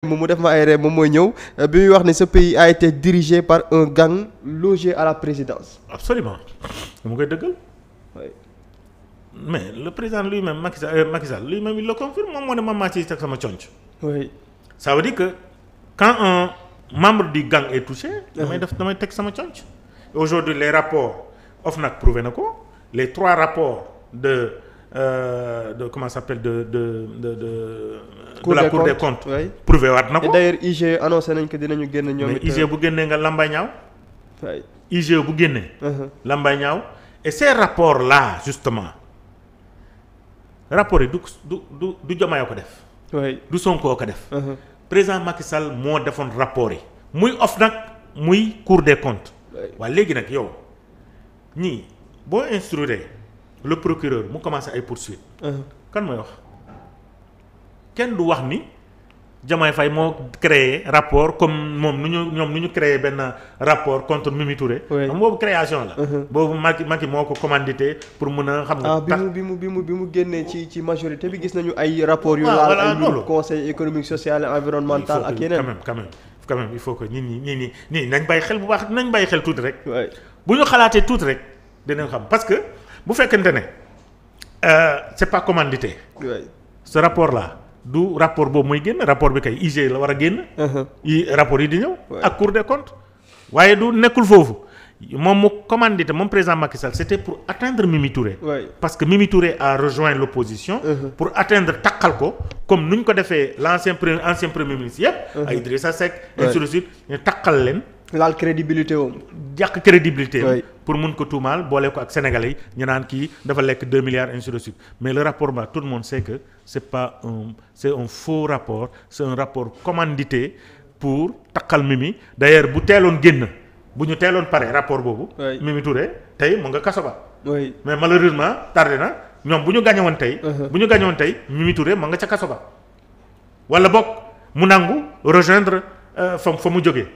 mu def ma ay ree moom mooy ñëw euh, bi muy wax ne ce pays a été dirigé par un gang logé à la présidence. absolument mu koy dëggal. mais le président lui-même Macky Sall euh, Macky Sall lui-même il le confirme moom moo ne ma maa ciy teg sama conc. oui ça dire que quand un membre du gang est touché. damay def damay teg sama conc. aujourd'hui les rapports nag prouvé na ko les trois rapports de. euh, de comment s'appelle de de de de. Cour de la Cour des comptes oui. waat na ko. d'ailleurs IG annoncé nañ ko dinañu génn ñoom it. mais IG euh, bu génnee nga lambay ñaaw. waay bu génnee. Uh-huh. lambay ñaaw et ces rapport là justement rapport yi du du du du Diomaye ko def. waay du Sonko ko def. Uh-huh. président Macky Sall moo defoon rapport yi. muy OFNAC muy Cour des comptes. waaw léegi nag yow ñii boo instruire. le procureur mu commencé ay poursuite uh-huh. kan mooy wax kenn du wax ni Diomaye fay moo créé rapport comme moom nu ñu ñoom nu ñu créé benn rapport contre mu Touré. xam boobu création la. Uh-huh. boobu Macky Macky moo ko commandité pour mën a. xam nga ah, tax bi mu bi mu bi mu génnee ci ci majorité bi gis nañu ay rapport yu ah, laal ay conseil économique social et environnemental ak yeneen. quand même quand même quand même il faut que nit ñi nit nañ bàyyi xel bu baax nañ bàyyi xel tuuti rek. bu ñu xalaatee tuuti rek dinañ xam que. bu fekkente ne euh, c'est pas commandité. ce rapport là du rapport boobu mooy génn rapport bi kay IGE la war a génn. Uh-huh. rapport yi di ñëw. ak Cour des comptes waaye du nekkul foofu. moom mu commandité moom président Macky Sall c'était pour attendre Mimi Touré. Ouais. parce que Mimi Touré a rejoint l'opposition uh pour atteindre taqal ko comme nu ñu ko defee l'ancien premier ancien premier ministre yëpp. Uh-huh. ay Idrissa Seck. ainsi de suite ñu takkal leen. laal crédibilité woom. yàq crédibilité am. pour mun ko tuumaal boole ko ak sénégalais yi ñu naan kii dafa lekk 2 milliards ainsi de suite mais le rapport ba tout le monde sait que c'est pas un c'est un faux rapport c'est un rapport commandité pour taqal Mimi d'ailleurs bu teeloon génn bu ñu teeloon pare rapport boobu. Mimi Touré tey mu nga kaso ba. mais malheureusement tardé na ñoom bu ñu gagné tey. Uh-huh. bu ñu gagné woon tey Mimi Touré mu nga ca kaso ba. wala bokk mu nangu rejoindre euh, fa fa mu jógee.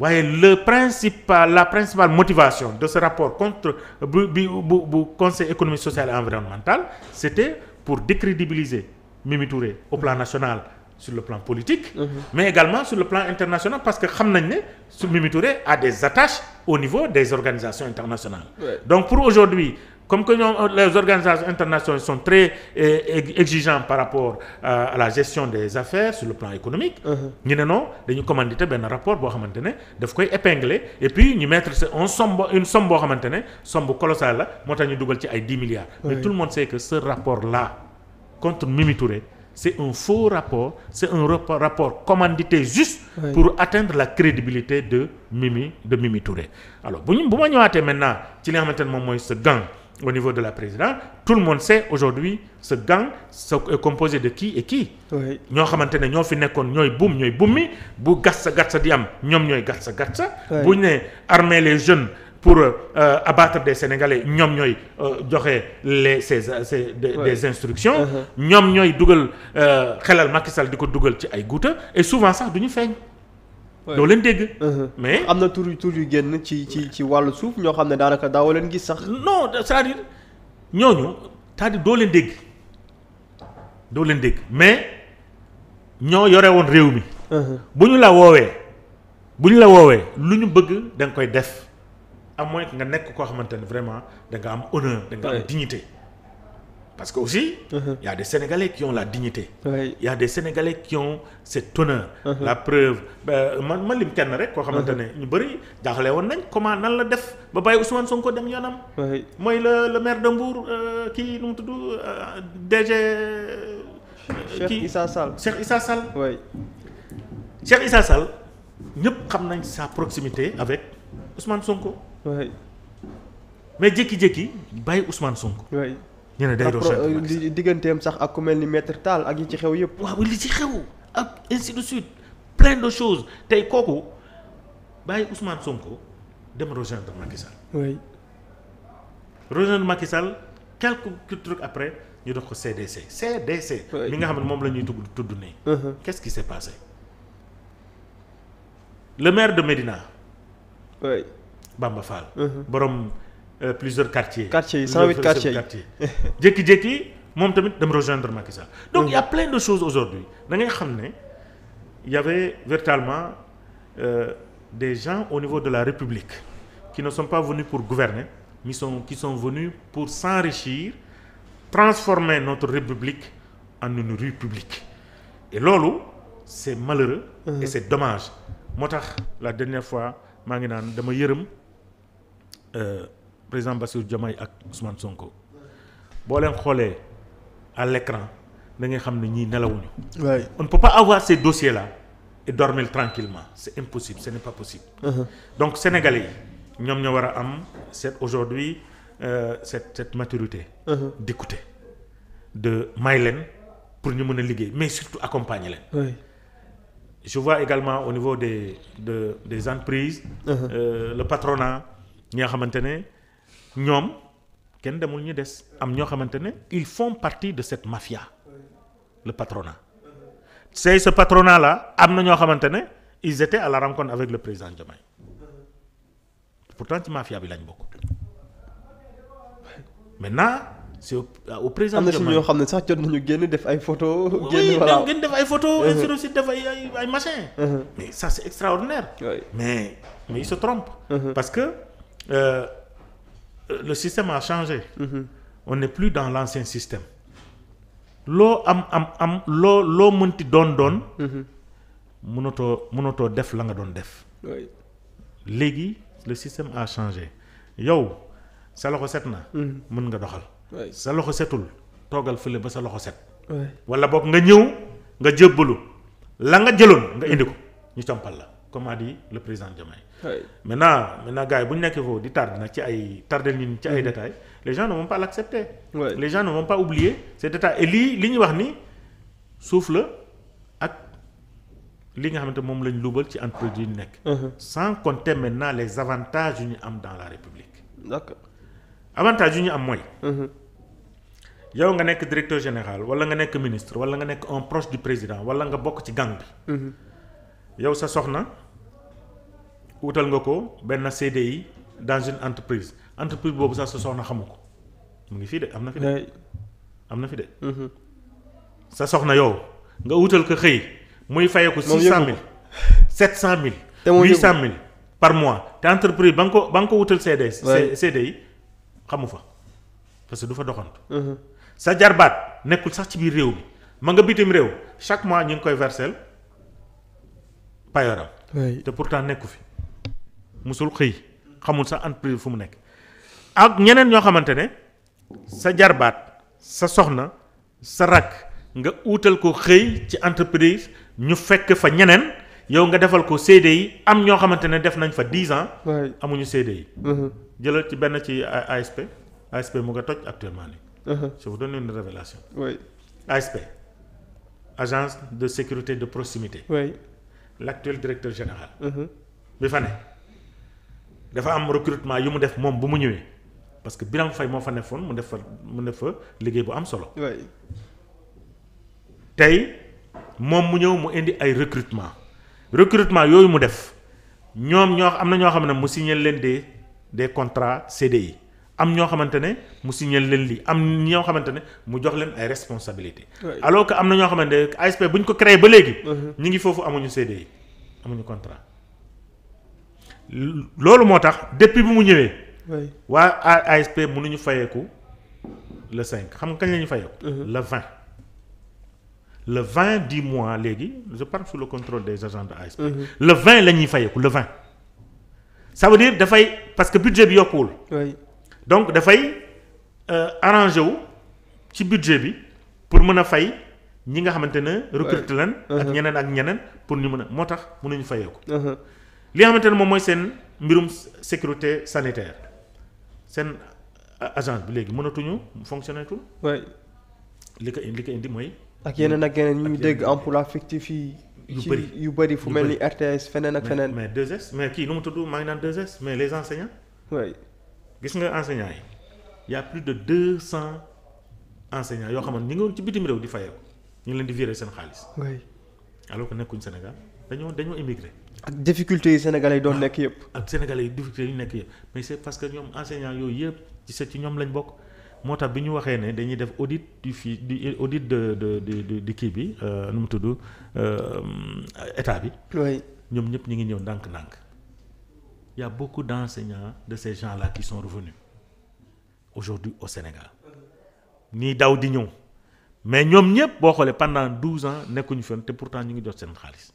waaye le principal la principale motivation de ce rapport contre bu bu bu conseil économique social et environnemental c'était pour décrédibiliser Mimi au plan national sur le plan politique. Mhm. mais également sur le plan international parce que xam nañ ne su Mimi Touré a des attaches au niveau des organisations internationales. Ouais. donc pour aujourd'hui comme que ñoom les organisations internationales son très eh, exigeants par rapport euh, à la gestion des affaires sur le plan économique. Uh-huh. ñu ne non dañu commandité benn rapport boo xamante ne daf koy épingler et puis ñu mettre un somme une somme boo xamante ne somme bu colossale la moo tax ñu dugal ci ay dix milliards. mais tout le monde sait que ce rapport là contre Mimi Touré c'est un faux rapport c'est un rapport commandité juste. pour atteindre la crédibilité de Mimi de Mimi toure alors bu ñu bu ma ñëwaatee maintenant ci li nga xamante ne mooy ce gang. au niveau de la présidence tout le monde sait aujourd'hui ce gang est euh, composé de qui et qui. ñoo xamante ne ñoo fi nekkoon ñooy buum ñooy mi bu gas gatsa gatsa di am ñoom ñooy gatsa sa bu ñu ne armer les jeunes pour euh, euh abattre des Sénégalais ñoom ñooy euh, joxe les ces ces des instructions. Uh-huh. ñoom ñooy dugal xelal Macky Sall di ko dugal ci ay guuta et souvent sax du ñu feeñ. doo leen dégg. mais am na tur tur yu génn ci ci ci wàllu suuf ñoo xam ne daanaka daawoo leen gis sax. non cest ñooñu cest à doo leen dégg doo leen dégg mais ñoo yore woon réew mi. bu ñu la woowee bu ñu la woowee lu ñu bëgg da koy def à moins que nga nekk koo xamante ne vraiment da am honneur da nga am dignité. Parce que aussi, uh-huh. il uh -huh. y la dignité. Il ouais. y a des Sénégalais uh-huh. La preuve man man lim kenn rek koo xamante uh-huh. ne ñu bëri jaaxle woon nañ comment nan la def ba bàyyi Ousmane Sonko dem yoonam. mooy le le maire de Mbour euh, ki nu mu tudd euh, DG. Euh, Cheikh Issa Sall Cheikh Issa Sall. oui ñëpp xam nañ sa proximité avec Ousmane Sonko. mais jékki-jékki bàyyi Ousmane Sonko. ñu ne day doon euh, digganteem sax ak ku mel ni maître Tall ak yi ci xew yëpp. waaw li ci xew ak ainsi de suite plein de choses tey kooku bàyyi Ousmane Sonko dem rejoindre Macky Sall. oui. rejoindre Macky Sall après ñu dox ko CDC. CDC. mi nga xam ne moom la ñuy tudd tudd nii. Uh-huh. qu'est-ce qui s'est passé. le maire de Médina. oui Bamba uh-huh. borom. Euh, plusieurs quartiers. quartiers yi 108 quartiers yi jékki-jékki moom tamit dem rejoindre Macky Sall. donc il y a plein de choses aujourd'hui da ngay xam ne y avait euh, des gens au niveau de la République ki ne sont pas venus pour gouverner mais sont qui sont venus pour s'enrichir transformer notre République en une rue publique et loolu c'est malheureux. et c'est dommage. moo tax la dernière fois maa ngi naan dama yërëm. Euh, président Bassirou Diomaye ak Ousmane Sonko boo leen xoolee à l'écran da ngay xam ne ñii nelawuñu. waay on ne peut pas avoir ces dossiers là et dormir tranquillement c'est impossible ce n'est pas possible. Uh-huh. donc sénégalais yi ñoom ñoo war a am cet aujourd'hui euh, cette cette maturité. Uh-huh. d'écouter de may leen pour ñu mën a liggéey mais surtout accompagner leen. Oui. je vois également au niveau des de des entreprises. Uh-huh. euh, le patronat ñi nga xamante ne. ñoom kenn demul ñu des am ñoo xamante ne ils font partie de cette mafia le patronat c'est ce patronat là am na ñoo xamante ne ils étaient à la rencontre avec le président Diomaye pourtant ci mafia bi lañ bokk maintenant c'est au euh, président Diomaye am na si ñoo xam ne sax jot def ay photo génn voilà def ay photo uh-huh. sur def ay machin uh-huh. mais ça c'est extraordinaire mais mais il se trompe uh-huh. parce que euh, Euh, le système a changé. Mm-hmm. on ne plus dans l'ancien système. loo am am am loo loo mënti doon doon. Mm-hmm. mënatoo mënatoo def la nga doon def. léegi le système a changé yow sa loxo set na. Mm-hmm. mën nga doxal. sa loxo setul toogal fële ba sa loxo set. wala boog nga ñëw nga jébbalu la nga jëloon nga indi ko ñu compal la. comme a dit le président Diomaye. oui maintenant maintenant gars yi bu ñu nekkee foofu di tardé nag ci ay tardé nit ñi ci ay mm-hmm. détails les gens ne vont pas l'accepter. oui les gens ne vont pas oublier ces détails et li ñu wax ni suuf la ak li nga xamante moom lañ luubal ci entreprise yu ñu nekk. Mm-hmm. sans compter maintenant les avantages yu ñu am dans la république. d'accord avantages yu ñu am mooy. Mm-hmm. yow nga nekk directeur général wala nga nekk ministre wala nga nekk un proche du président wala nga bokk ci gang yow sa soxna wutal nga ko benn CDI dans une entreprise entreprise boobu sax sa soxna xamu ko mu ngi fii de am na fi de am na fi de mm-hmm. sa soxna yow nga wutal ko xëy muy fayeeku six cent mille sept cent mille huit cent par mois te entreprise ba nga ko ba nga ko wutal CDI yi xamu fa parce que du fa doxantu mm-hmm. sa jarbaat nekkul sax ci biir réew mi ma nga bitim réew chaque mois ñu ngi koy versel payoram te pourtant nekku fi mosul xëy xamul sa entreprise fu mu nekk ak ñeneen ñoo xamante ne sa jarbaat sa soxna sa rakk nga uutal ko xëy ci entreprise ñu fekk fa ñeneen yow nga defal ko yi am ñoo xamante ne def nañ fa dix ans amuñu yi uh-huh. jëlal ci benn ci ASP ASP mu nga toj actuellement nii uh-huh. je vous donne une révélation ASP agence de sécurité de proximité l'actuel directeur général. Mhm. bi fa ne dafa am recrutement yu mu def moom bu mu ñëwee parce que Birame Faye moo fa nekkoon mu def fa mu def fa liggéey bu am solo. tey moom mu ñëw mu indi ay recrutement recrutement yooyu mu def ñoom ñoo am na ñoo xam ne mu signé leen des des contrats yi am ñoo xamante ne mu signé leen lii am ñoo xamante ne mu jox leen ay responsabilités. alors que am na ñoo xamante ne ASP bu ñu ko créé ba léegi. Mhm. ñu ngi foofu amuñu CDI. amuñu contrat loolu moo tax depuis bi mu ñëwee. waa ASP ñu fayeeku le cinq xam nga kañ la ñu fayeeku. Uh-huh. le 20 le 20 mois léegi je parle sous le contrôle des agents uh-huh. le 20 la ñuy fayeeku le 20. ça dire dafay parce que budget bi yokkuwul. donc dafay euh, arrangé wu ci budget bi pour mën a fay. ñi nga xamante ne recruter leen ak uh-huh. ñeneen ak ñeneen pour ñu mën a moo tax mënuñu fayee ko uh-huh. li xamante ne moom mooy seen mbirum sécurité sanitaire seen agence bi léegi mënatuñu fonctionner tul li ko li ko indi mooy ak yeneen ak yeneen ñu dégg emploi fictif yi yu bëri yu bëri fu mel ni RTS feneen ak feneen mais 2S mais kii nu mu tudd maa ngi naan 2S mais les enseignants oui gis nga enseignants yi yaa plus de deux cent enseignants yoo xamante ñi ngi woon ci bitim réew di fayeeku ñu ngi leen di virer seen xaalis. oui alors que nekkuñ Sénégal dañoo dañoo immigré. ak difficulté yi sénégal yi doon ah, nekk yëpp. ak sénégalais yi difficulté yi nekk yëpp mais c'est parce que ñoom enseignants yooyu yëpp ci sa ci ñoom lañ bokk moo tax bi ñu waxee ne dañuy def audit di fii di audit de de de de kii bi euh, nu mu tudd euh, état bi. oui ñoom ñëpp ñu ngi ñëw ndànk-ndànk. y a beaucoup d'enseignants de ces gens-là qui sont revenus aujourd'hui au Sénégal ñiy daw di ñëw. mais ñoom ñëpp boo xoolee pendant douze ans nekkuñu fenn te pourtant ñu ngi jot seen xaalis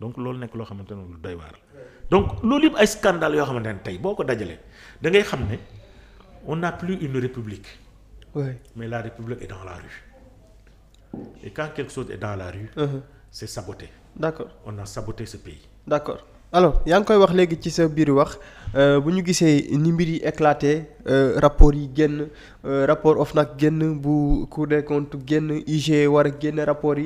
donc loolu nekk loo xamante ne lu doy waar la donc loolu yëpp ay scandale yoo xamante ne tey boo ko dajalee da xam ne on n'a plus une république. oui mais la république est dans la rue. et quand quelque chose est dans la rue. Uh-huh. c'est saboté. d'accord on a saboté ce pays. d'accord alors yaa ngi koy wax léegi ci sa biir wax. Euh, bu ñu gisee ni mbir yi éclaté euh, rapport yi génn euh, rapport of nag génn bu Cour de comptes génn IG war a génn rapport yi